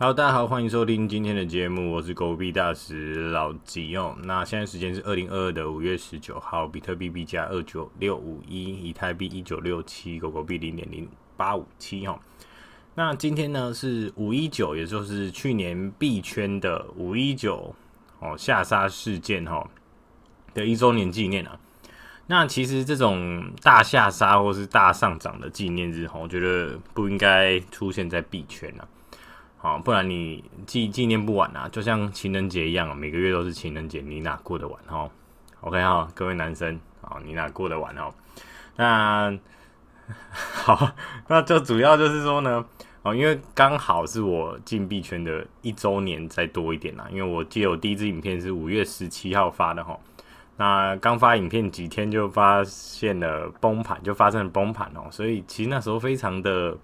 哈囉，大家好，歡迎收聽今天的節目，我是狗幣大使老吉哦。那現在時間是二零二二的五月十九號，比特幣幣價二九六五一，以太幣一九六七，狗狗幣零點零八五七哈。那今天呢是五一九，也就是去年幣圈的五一九哦下殺事件哈、哦、的一周年紀念啊。那其實這種大下殺或是大上漲的紀念日，哈、哦，我覺得不應該出現在幣圈啊。好，不然你紀紀念不完啊，就像情人節一樣、哦、每個月都是情人節，你哪過得完哦 OK 哈，各位男生啊，你哪過得完哦。那好，那就主要就是說呢，哦，因為剛好是我進幣圈的一周年再多一點啦，因為我記得我第一支影片是五月十七號發的哈、哦，那剛發影片幾天就發現了崩盤，就發生了崩盤哦，所以其實那時候非常的。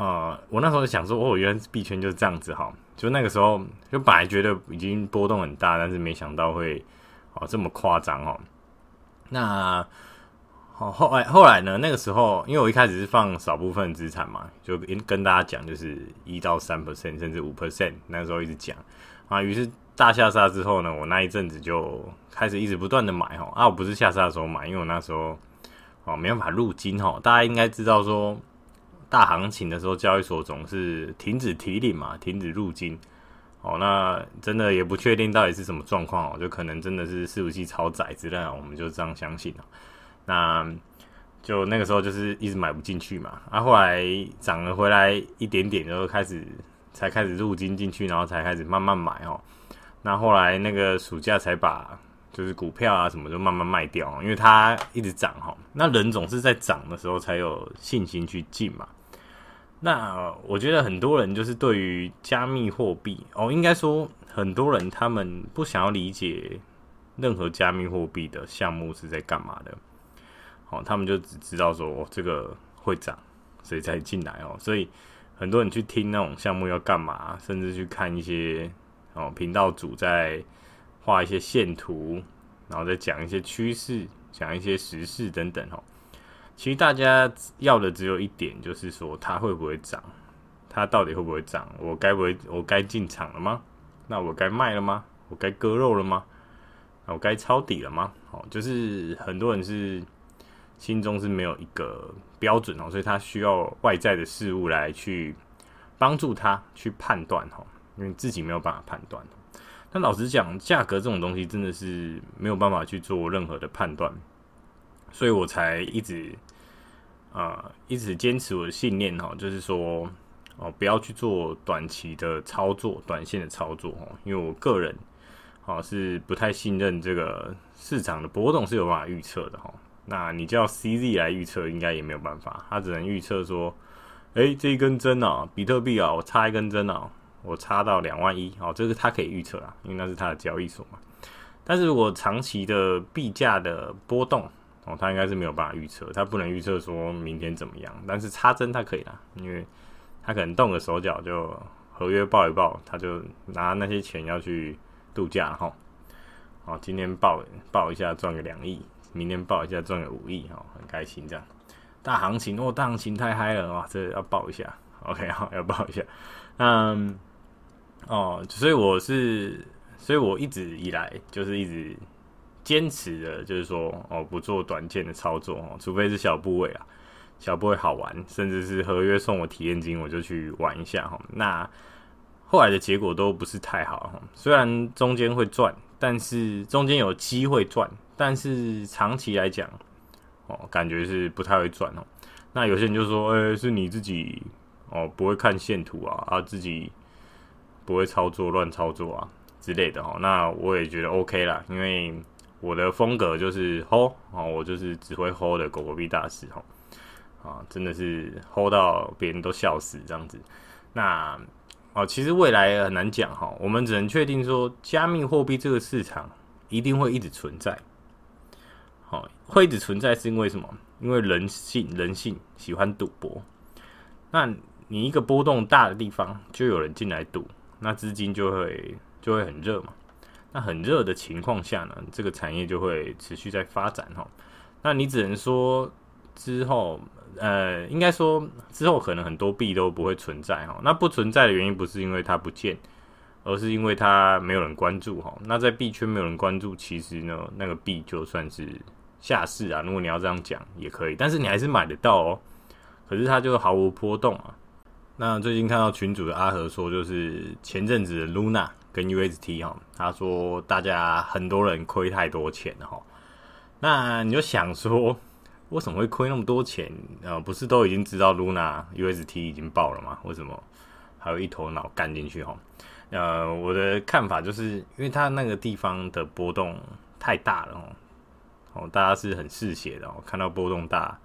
呃，我那時候想說，哦，我原來幣圈就是這樣子哈，就那個時候就本來覺得已經波動很大，但是沒想到會哦這麼誇張哦。那好、哦、後來後來呢，那個時候因為我一開始是放少部分資產嘛，就跟大家講就是一到三 percent 甚至五 percent，那時候一直講啊，於是大下殺之後呢，我那一陣子就開始一直不斷的買哈、哦、啊，我不是下殺的時候買，因為我那時候哦沒辦法入金哈、哦，大家應該知道說。大行情的時候，交易所總是停止提領嘛，停止入金，哦，那真的也不確定到底是什麼狀況哦，就可能真的是伺服器超載之類的，我們就這樣相信了。那就那個時候就是一直買不進去嘛，啊，後來漲了回來一點點，就開始才開始入金進去，然後才開始慢慢買哦。那後來那個暑假才把就是股票啊什麼就慢慢賣掉哦，因為它一直漲哈哦。那人總是在漲的時候才有信心去進嘛。那我覺得很多人就是對於加密貨幣哦，應該說很多人他們不想要理解任何加密貨幣的項目是在幹嘛的，哦，他們就只知道說，哦，這個會漲，所以才進來哦，所以很多人去聽那種項目要幹嘛，甚至去看一些哦頻道主在畫一些線圖，然後再講一些趨勢、講一些時事等等哦。其實大家要的只有一點，就是說它會不會漲，它到底會不會漲？我該不會我該進場了嗎？那我該賣了嗎？我該割肉了嗎？那我該抄底了嗎？哦，就是很多人是心中是沒有一個標準哦，所以他需要外在的事物來去幫助他去判斷哦，因為自己沒有辦法判斷。那老實講，價格這種東西真的是沒有辦法去做任何的判斷，所以我才一直。啊、呃，一直堅持我的信念哈、哦，就是說哦，不要去做短期的操作，短線的操作哈、哦，因為我個人啊、哦、是不太信任這個市場的波動是有辦法預測的哈、哦。那你叫 CZ 來預測，應該也沒有辦法，他只能預測說，哎，這一根針啊、哦，比特幣啊、哦，我插一根針啊、哦，我插到兩萬一哦，這、就、個、是、他可以預測啊，因為那是他的交易所嘛。但是如果長期的幣價的波動，哦、他應該是沒有辦法預測，他不能預測說明天怎麼樣，但是插針他可以啦，因為他可能動個手腳就合約爆一爆，他就拿那些錢要去度假吼。哦。今天爆，爆一下賺個兩億，明天爆一下賺個五億、哦、很開心這樣。大行情，哦，大行情太嗨了啊，這個、要爆一下，OK，好要爆一下。嗯，哦，所以我是，所以我一直以來就是一直。堅持的就是說哦，不做短線的操作哦，除非是小部位啊，小部位好玩，甚至是合約送我體驗金，我就去玩一下哈。那後來的結果都不是太好，雖然中間會賺，但是中間有機會賺，但是長期來講哦，感覺是不太會賺哦。那有些人就說，哎、欸，是你自己哦，不會看線圖啊，啊，自己不會操作亂操作啊之類的哦。那我也覺得 OK 啦，因為。我的風格就是 hold，哦，我就是只會 hold 的狗狗幣大師吼，啊，真的是 hold 到別人都笑死這樣子。那哦，其實未來很難講哈，我們只能確定說，加密貨幣這個市場一定會一直存在。好，會一直存在是因為什麼？因為人性，人性喜歡賭博。那你一個波動大的地方，就有人進來賭，那資金就會就會很熱嘛。那很熱的情況下呢，這個產業就會持續在發展哈。那你只能說之後，呃，應該說之後可能很多幣都不會存在哈。那不存在的原因不是因為它不見，而是因為它沒有人關注哈。那在幣圈沒有人關注，其實呢，那個幣就算是下市啊，如果你要這樣講也可以。但是你還是買得到哦，可是它就毫無波動啊。那最近看到群主的阿和說，就是前陣子的 Luna。跟 UST 哈、哦，他說大家很多人虧太多錢哈、哦，那你就想說為什麼會虧那麼多錢？呃，不是都已經知道 Luna UST 已經爆了嗎？為什麼還有一頭腦幹進去、哦？哈，呃，我的看法就是，因為它那個地方的波動太大了哦，哦，大家是很嗜血的哦，看到波動大，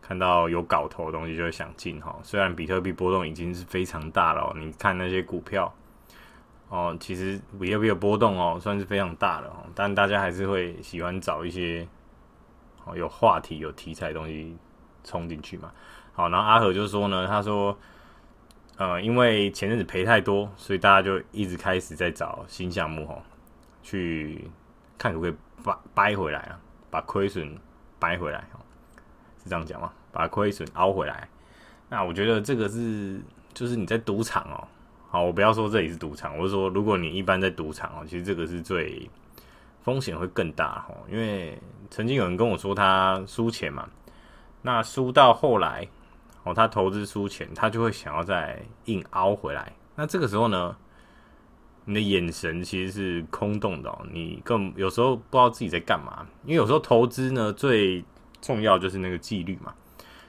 看到有搞頭的東西就會想進哈、哦。雖然比特幣波動已經是非常大了、哦，你看那些股票。哦，其實也比較波動哦，算是非常大的哦。但大家還是會喜歡找一些哦，有話題、有題材的東西衝進去嘛。好，然後阿和就說呢，他說，呃，因為前陣子賠太多，所以大家就一直開始在找新項目哦，去看可不可以把掰回來啊，把虧損掰回來哦，是這樣講嗎？把虧損熬回來？那我覺得這個是，就是你在賭場哦。好，我不要說這裡是賭場，我是說，如果你一般在賭場哦，其實這個是最風險會更大齁，因為曾經有人跟我說他輸錢嘛，那輸到後來哦，他投資輸錢，他就會想要再硬凹回來，那這個時候呢，你的眼神其實是空洞的，你更有時候不知道自己在幹嘛，因為有時候投資呢，最重要就是那個紀律嘛。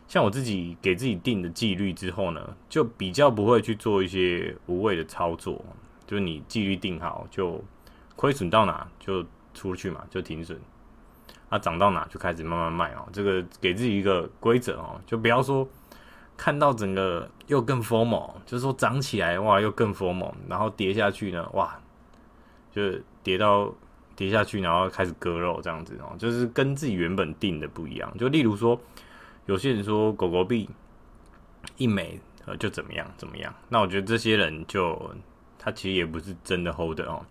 像我自己給自己定的紀律之後呢，就比較不會去做一些無謂的操作。就是你紀律定好，就虧損到哪就出去嘛，就停損。啊，漲到哪就開始慢慢賣哦。這個給自己一個規則哦，就不要說看到整個又更 FOMO，就是說漲起來哇又更 FOMO，然後跌下去呢哇，就是跌到跌下去，然後開始割肉這樣子哦，就是跟自己原本定的不一樣。就例如說。有些人說狗狗幣一枚呃就怎麼樣怎麼樣，那我覺得這些人就他其實也不是真的 hold 的哦。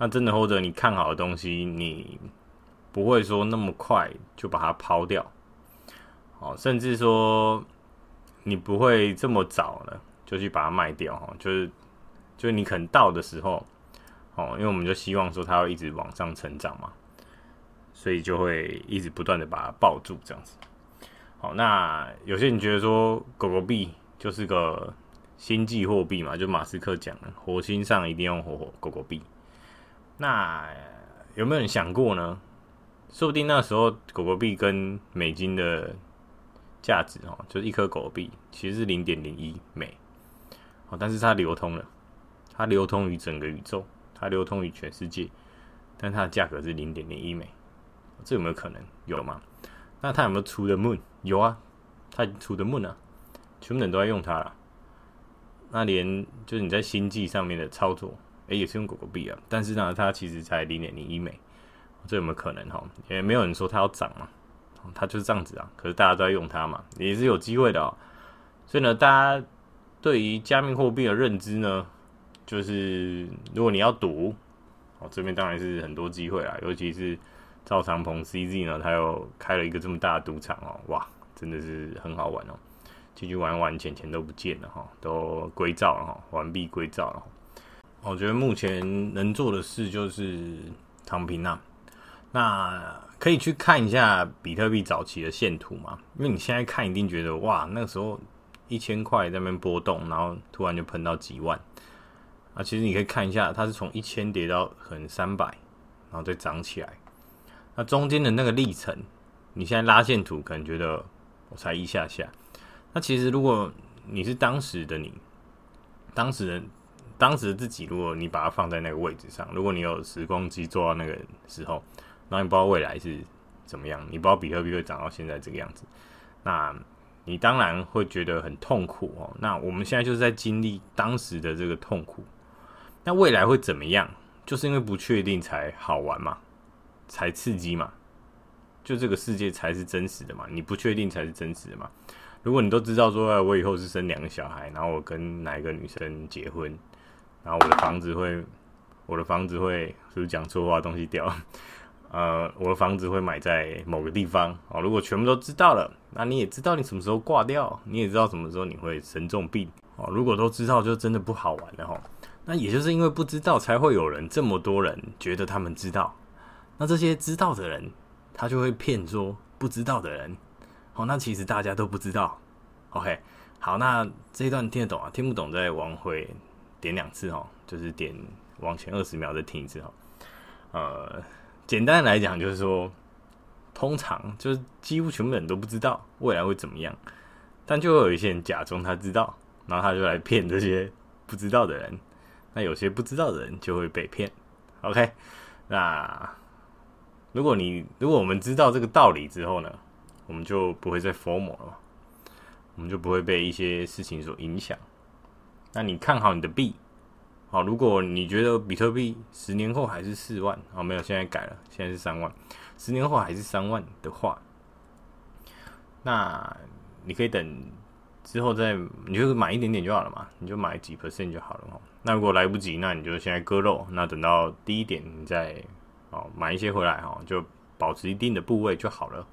那真的 hold 的，你看好的東西，你不會說那麼快就把它拋掉，哦，甚至說你不會這麼早了就去把它賣掉哦，就是就是你可能到的時候哦，因為我們就希望說它要一直往上成長嘛，所以就會一直不斷的把它抱住這樣子。好，那有些人覺得說狗狗幣就是個星際貨幣嘛，就馬斯克講的，火星上一定要火火狗狗幣。那有沒有人想過呢？說不定那時候狗狗幣跟美金的價值哦，就是一顆狗狗幣其實是零點零一美，好，但是它流通了，它流通於整個宇宙，它流通於全世界，但它的價格是零點零一美，這有沒有可能？有嗎？那它有沒有出的 moon？有啊，它出的 moon 啊，全部人都在用它了。那連就是你在星際上面的操作，誒、欸、也是用狗狗幣啊。但是呢，它其實才零點零一美，這有沒有可能哈、喔？也沒有人說它要漲嘛，它就是這樣子啊。可是大家都在用它嘛，也是有機會的啊、喔。所以呢，大家對於加密貨幣的認知呢，就是如果你要賭，哦，這邊當然是很多機會啊，尤其是。趙長鵬 CZ 呢？他又開了一個這麼大的賭場哦，哇，真的是很好玩哦！進去玩玩，錢錢都不見了哈、哦，都歸趙了哈、哦，完璧歸趙了、哦。我覺得目前能做的事就是躺平啦、啊。那可以去看一下比特幣早期的線圖嘛？因為你現在看一定覺得哇，那個時候一千塊在那邊波動，然後突然就噴到幾萬啊！其實你可以看一下，它是從一千跌到很三百，然後再漲起來。那、啊、中間的那個歷程，你現在拉線圖可能覺得我才一下下，那其實如果你是當時的你，當時的當時的自己，如果你把它放在那個位置上，如果你有時光機坐到那個時候，那你不知道未來是怎麼樣，你不知道比特幣會漲到現在這個樣子，那你當然會覺得很痛苦哦、喔。那我們現在就是在經歷當時的這個痛苦，那未來會怎麼樣？就是因為不確定才好玩嘛。才刺激嘛，就這個世界才是真實的嘛，你不確定才是真實的嘛。如果你都知道說，哎，我以後是生兩個小孩，然後我跟哪一個女生結婚，然後我的房子會，我的房子會，是不是講錯話東西掉？呃，我的房子會買在某個地方哦。如果全部都知道了，那你也知道你什麼時候掛掉，你也知道什麼時候你會生重病哦。如果都知道，就真的不好玩了吼。那也就是因為不知道，才會有人這麼多人覺得他們知道。那這些知道的人，他就會騙說不知道的人，哦，那其實大家都不知道，OK，好，那這一段聽得懂啊？聽不懂再往回點兩次哦，就是點往前二十秒再聽一次哦。呃，簡單來講就是說，通常就是幾乎全部人都不知道未來會怎麼樣，但就會有一些人假裝他知道，然後他就來騙這些不知道的人，那有些不知道的人就會被騙，OK，那。如果你，如果我們知道這個道理之後呢，我們就不會再 formal 了嘛，我們就不會被一些事情所影響。那你看好你的幣，好，如果你覺得比特幣十年後還是四萬，啊，沒有，現在改了，現在是三萬，十年後還是三萬的話，那你可以等之後再，你就買一點點就好了嘛，你就買幾 percent 就好了嘛。那如果來不及，那你就現在割肉，那等到低一點你再。哦，買一些回來哈，就保持一定的部位就好了。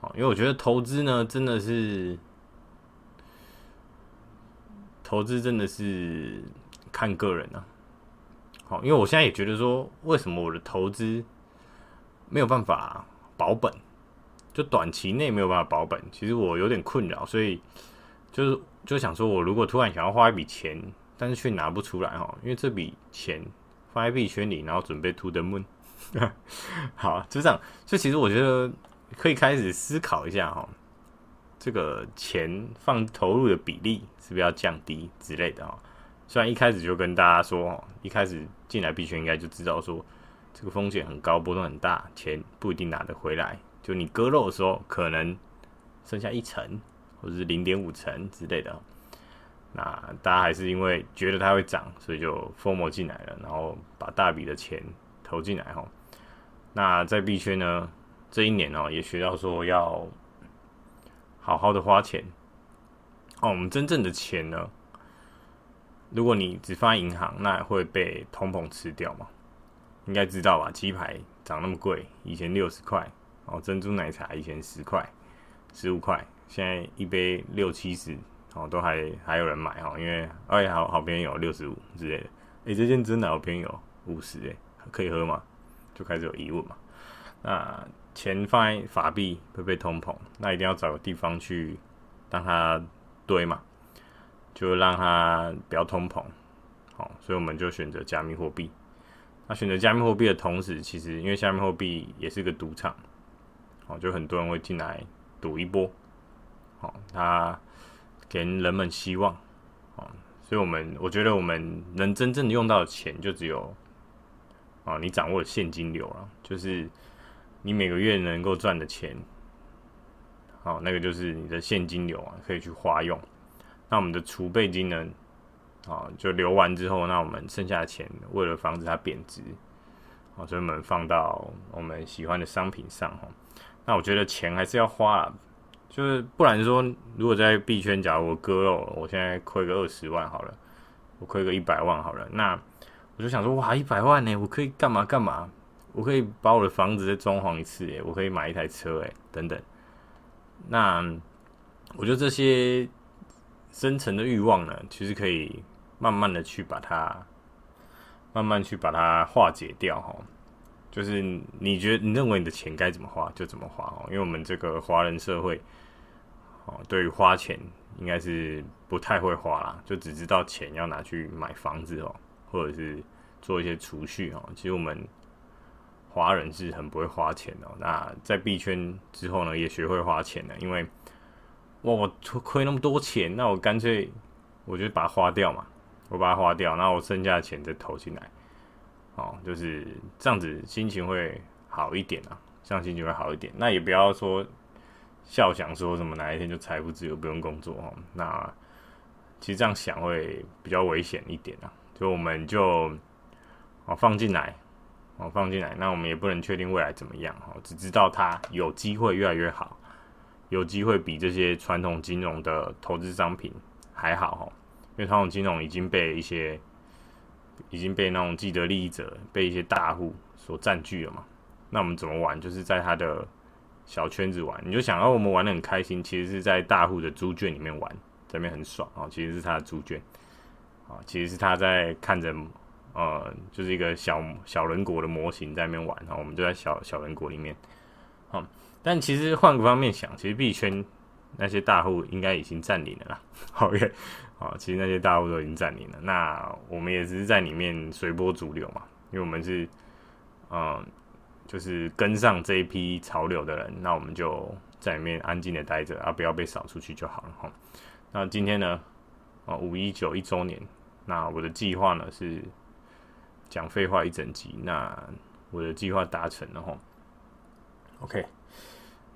哦，因為我覺得投資呢，真的是投資真的是看個人呢、啊。哦，因為我現在也覺得說，為什麼我的投資沒有辦法保本，就短期內沒有辦法保本，其實我有點困擾，所以就是就想說，我如果突然想要花一筆錢，但是卻拿不出來哈，因為這筆錢。幣圈裡，然後準備 to the moon， 好，就這樣。所以其實我覺得可以開始思考一下哈，這個錢放投入的比例是不是要降低之類的啊？雖然一開始就跟大家說，一開始進來幣圈應該就知道說，這個風險很高，波動很大，錢不一定拿得回來。就你割肉的時候，可能剩下一成或者是零點五成之類的。那大家還是因為覺得它會漲，所以就 FOMO 進來了，然後把大筆的錢投進來吼。那在幣圈呢，這一年哦，也學到說要好好的花錢哦。我們真正的錢呢，如果你只發銀行，那也會被通膨吃掉嘛？應該知道吧？雞排漲那麼貴，以前六十塊，然後珍珠奶茶以前十塊、十五塊，現在一杯六七十。哦，都還還有人買哈，因為哎，好好便宜有六十五之類的，哎、欸，這件真的好便宜有五十哎，可以喝嗎？就開始有疑問嘛？那錢放在法幣會被，被通膨，那一定要找個地方去讓它堆嘛，就讓它不要通膨。好，所以我們就選擇加密貨幣。那選擇加密貨幣的同時，其實因為加密貨幣也是個賭場，哦，就很多人會進來賭一波。好，他。給人們希望，啊，所以，我們我覺得我們能真正用到的錢，就只有，啊，你掌握的現金流啊，就是你每個月能夠賺的錢，好，那個就是你的現金流啊，可以去花用。那我們的儲備金呢，啊，就留完之後，那我們剩下的錢，為了防止它貶值，啊，所以我們放到我們喜歡的商品上哈。那我覺得錢還是要花。就是不然說，如果在幣圈，假如我割肉，我現在虧個二十萬好了，我虧個一百萬好了，那我就想說，哇，一百萬呢，我可以幹嘛幹嘛？我可以把我的房子再裝潢一次，哎，我可以買一台車，哎，等等。那我覺得這些深層的慾望呢，其實可以慢慢的去把它，慢慢去把它化解掉，齁。就是你覺得你認為你的錢該怎麼花就怎麼花哦，因為我們這個華人社會哦，對於花錢應該是不太會花啦，就只知道錢要拿去買房子哦，或者是做一些儲蓄哦。其實我們華人是很不會花錢的哦，那在幣圈之後呢，也學會花錢了，因為哇，我虧那麼多錢，那我乾脆我就把它花掉嘛，我把它花掉，那我剩下的錢再投進來。哦，就是這樣子，心情會好一點啊，這樣心情會好一點。那也不要說笑，想說什麼哪一天就財富自由，不用工作哦。那其實這樣想會比較危險一點啊。就我們就哦放進來，哦放進來。那我們也不能確定未來怎麼樣哦，只知道它有機會越來越好，有機會比這些傳統金融的投資商品還好哦，因為傳統金融已經被一些。已經被那種既得利益者、被一些大戶所佔據了嘛。那我們怎麼玩？就是在他的小圈子玩。你就想，要、哦、我們玩的很開心，其實是在大戶的豬圈裡面玩，在那邊很爽啊、哦。其實是他的豬圈啊、哦，其實是他在看着，呃，就是一個小小人國的模型在那邊玩哈、哦，我們就在小小人國裡面啊、哦。但其實換個方面想，其實幣圈那些大戶應該已經佔領了啦。OK。 啊，其實那些大陸都已經占領了，那我們也只是在裡面隨波逐流嘛，因為我們是，嗯，就是跟上這一批潮流的人，那我們就在裡面安靜的待着，啊，不要被掃出去就好了哈。那今天呢，啊、哦，五一九一周年，那我的計劃呢是講廢話一整集，那我的計劃達成了哈。OK，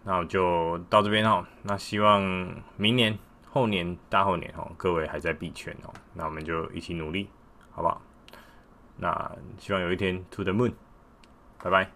那我就到這邊哈，那希望明年。後年、大後年哦，各位還在幣圈哦，那我們就一起努力，好不好？那希望有一天，to the moon，拜拜。